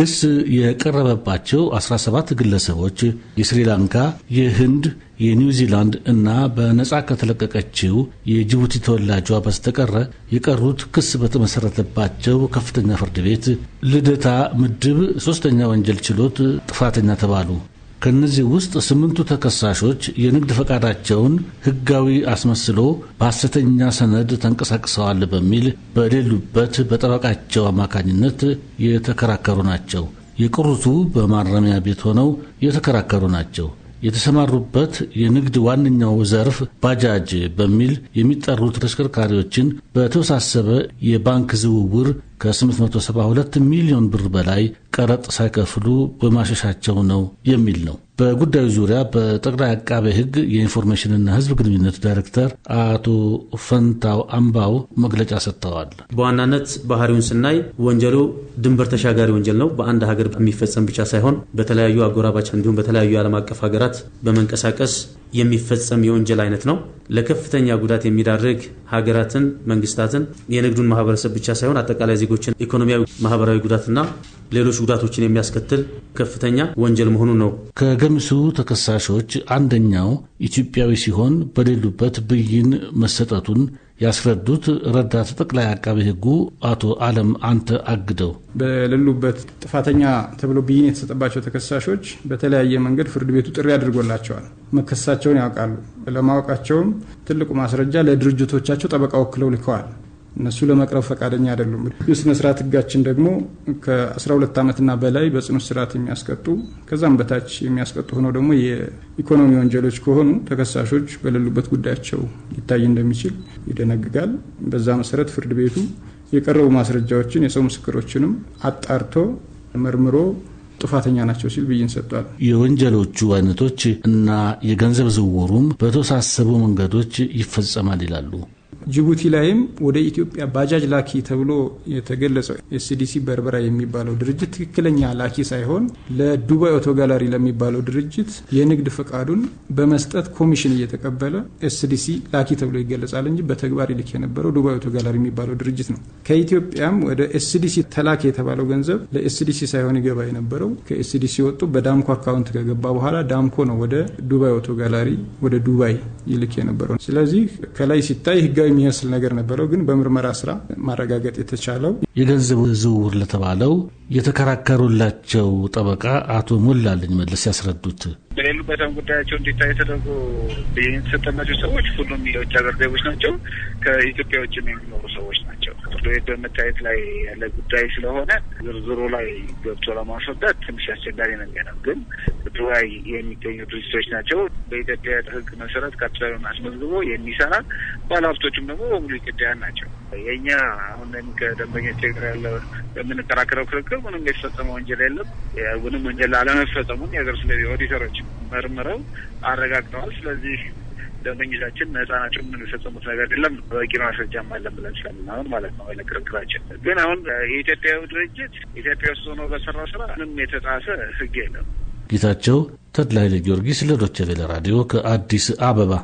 ክስ የቀረበባቸው 17 ግለሰቦች የስሪላንካ፣ የህንድ፣ የኒውዚላንድ እና በነጻ ከተለቀቀችው የጅቡቲ ተወላጇ በስተቀረ የቀሩት ክስ በተመሰረተባቸው ከፍተኛ ፍርድ ቤት ልደታ ምድብ ሶስተኛ ወንጀል ችሎት ጥፋተኛ ተባሉ። ከነዚህ ውስጥ ስምንቱ ተከሳሾች የንግድ ፈቃዳቸውን ሕጋዊ አስመስሎ በሐሰተኛ ሰነድ ተንቀሳቅሰዋል በሚል በሌሉበት በጠበቃቸው አማካኝነት የተከራከሩ ናቸው። የቀሩቱ በማረሚያ ቤት ሆነው የተከራከሩ ናቸው። የተሰማሩበት የንግድ ዋነኛው ዘርፍ ባጃጅ በሚል የሚጠሩት ተሽከርካሪዎችን በተወሳሰበ የባንክ ዝውውር ከ872 ሚሊዮን ብር በላይ ቀረጥ ሳይከፍሉ በማሸሻቸው ነው የሚል ነው። በጉዳዩ ዙሪያ በጠቅላይ አቃቤ ሕግ የኢንፎርሜሽንና ሕዝብ ግንኙነት ዳይሬክተር አቶ ፈንታው አምባው መግለጫ ሰጥተዋል። በዋናነት ባህሪውን ስናይ ወንጀሉ ድንበር ተሻጋሪ ወንጀል ነው። በአንድ ሀገር የሚፈጸም ብቻ ሳይሆን በተለያዩ አጎራባች እንዲሁም በተለያዩ ዓለም አቀፍ ሀገራት በመንቀሳቀስ የሚፈጸም የወንጀል አይነት ነው። ለከፍተኛ ጉዳት የሚዳርግ ሀገራትን፣ መንግስታትን፣ የንግዱን ማህበረሰብ ብቻ ሳይሆን አጠቃላይ ዜጎችን ኢኮኖሚያዊ፣ ማህበራዊ ጉዳትና ሌሎች ጉዳቶችን የሚያስከትል ከፍተኛ ወንጀል መሆኑ ነው። ከለምሱ ተከሳሾች አንደኛው ኢትዮጵያዊ ሲሆን በሌሉበት ብይን መሰጠቱን ያስረዱት ረዳት ጠቅላይ አቃቤ ሕጉ አቶ አለም አንተ አግደው በሌሉበት ጥፋተኛ ተብሎ ብይን የተሰጠባቸው ተከሳሾች በተለያየ መንገድ ፍርድ ቤቱ ጥሪ አድርጎላቸዋል። መከሳቸውን ያውቃሉ። ለማወቃቸውም ትልቁ ማስረጃ ለድርጅቶቻቸው ጠበቃ ወክለው ልከዋል። እነሱ ለመቅረብ ፈቃደኛ አይደሉም። የስነ ስርዓት ህጋችን ደግሞ ከ12 ዓመትና በላይ በጽኑ ስርዓት የሚያስቀጡ ከዛም በታች የሚያስቀጡ ሆነው ደግሞ የኢኮኖሚ ወንጀሎች ከሆኑ ተከሳሾች በሌሉበት ጉዳያቸው ሊታይ እንደሚችል ይደነግጋል። በዛ መሰረት ፍርድ ቤቱ የቀረቡ ማስረጃዎችን የሰው ምስክሮችንም አጣርቶ መርምሮ ጥፋተኛ ናቸው ሲል ብይን ሰጥቷል። የወንጀሎቹ አይነቶች እና የገንዘብ ዝውውሩም በተወሳሰቡ መንገዶች ይፈጸማል ይላሉ። ጅቡቲ ላይም ወደ ኢትዮጵያ ባጃጅ ላኪ ተብሎ የተገለጸው ኤስዲሲ በርበራ የሚባለው ድርጅት ትክክለኛ ላኪ ሳይሆን ለዱባይ ኦቶ ጋላሪ ለሚባለው ድርጅት የንግድ ፈቃዱን በመስጠት ኮሚሽን እየተቀበለ ኤስዲሲ ላኪ ተብሎ ይገለጻል እንጂ በተግባር ይልክ የነበረው ዱባይ ኦቶ ጋላሪ የሚባለው ድርጅት ነው። ከኢትዮጵያም ወደ ኤስዲሲ ተላኪ የተባለው ገንዘብ ለኤስዲሲ ሳይሆን ይገባ የነበረው ከኤስዲሲ ወጡ። በዳምኮ አካውንት ከገባ በኋላ ዳምኮ ነው ወደ ዱባይ ኦቶ ጋላሪ ወደ ዱባይ ይልክ የነበረው። ስለዚህ ከላይ ሲታይ ህጋዊ የሚመስል ነገር ነበረው፣ ግን በምርመራ ስራ ማረጋገጥ የተቻለው የገንዘብ ዝውውር ለተባለው የተከራከሩላቸው ጠበቃ አቶ ሞላልኝ መለስ ያስረዱት በሌሉበትም ጉዳያቸው እንዲታይ ተደርጎ የተሰጠናቸው ሰዎች ሁሉም የውጭ ሀገር ዜጎች ናቸው። ከኢትዮጵያ ውጭ የሚኖሩ ሰዎች ናቸው። ፍርድ ቤት በመታየት ላይ ያለ ጉዳይ ስለሆነ ዝርዝሩ ላይ ገብቶ ለማስወጣት ትንሽ አስቸጋሪ ነገር ነው። ግን ዱባይ የሚገኙ ድርጅቶች ናቸው። በኢትዮጵያ ሕግ መሰረት ካፒታሉን አስመዝግቦ የሚሰራ ባለሀብቶችም ደግሞ በሙሉ ኢትዮጵያውያን ናቸው። የእኛ አሁን ከደንበኞች ጋር ያለው በምንከራከረው ክርክር ምንም የተፈጸመ ወንጀል የለም። ምንም ወንጀል አለመፈጸሙን የሀገር ስለ ኦዲተሮች መርምረው አረጋግጠዋል። ስለዚህ ደንበኞቻችን ህጻናቸው የምንፈጸሙት ነገር የለም በቂ ማስረጃ አለን ብለን ስላምን አሁን ማለት ነው ለክርክራችን። ግን አሁን የኢትዮጵያዊ ድርጅት ኢትዮጵያ ውስጥ ሆኖ በሰራው ስራ ምንም የተጣሰ ህግ የለም። ጌታቸው ተድላ ኃይለ ጊዮርጊስ ለዶቸቬለ ራዲዮ ከአዲስ አበባ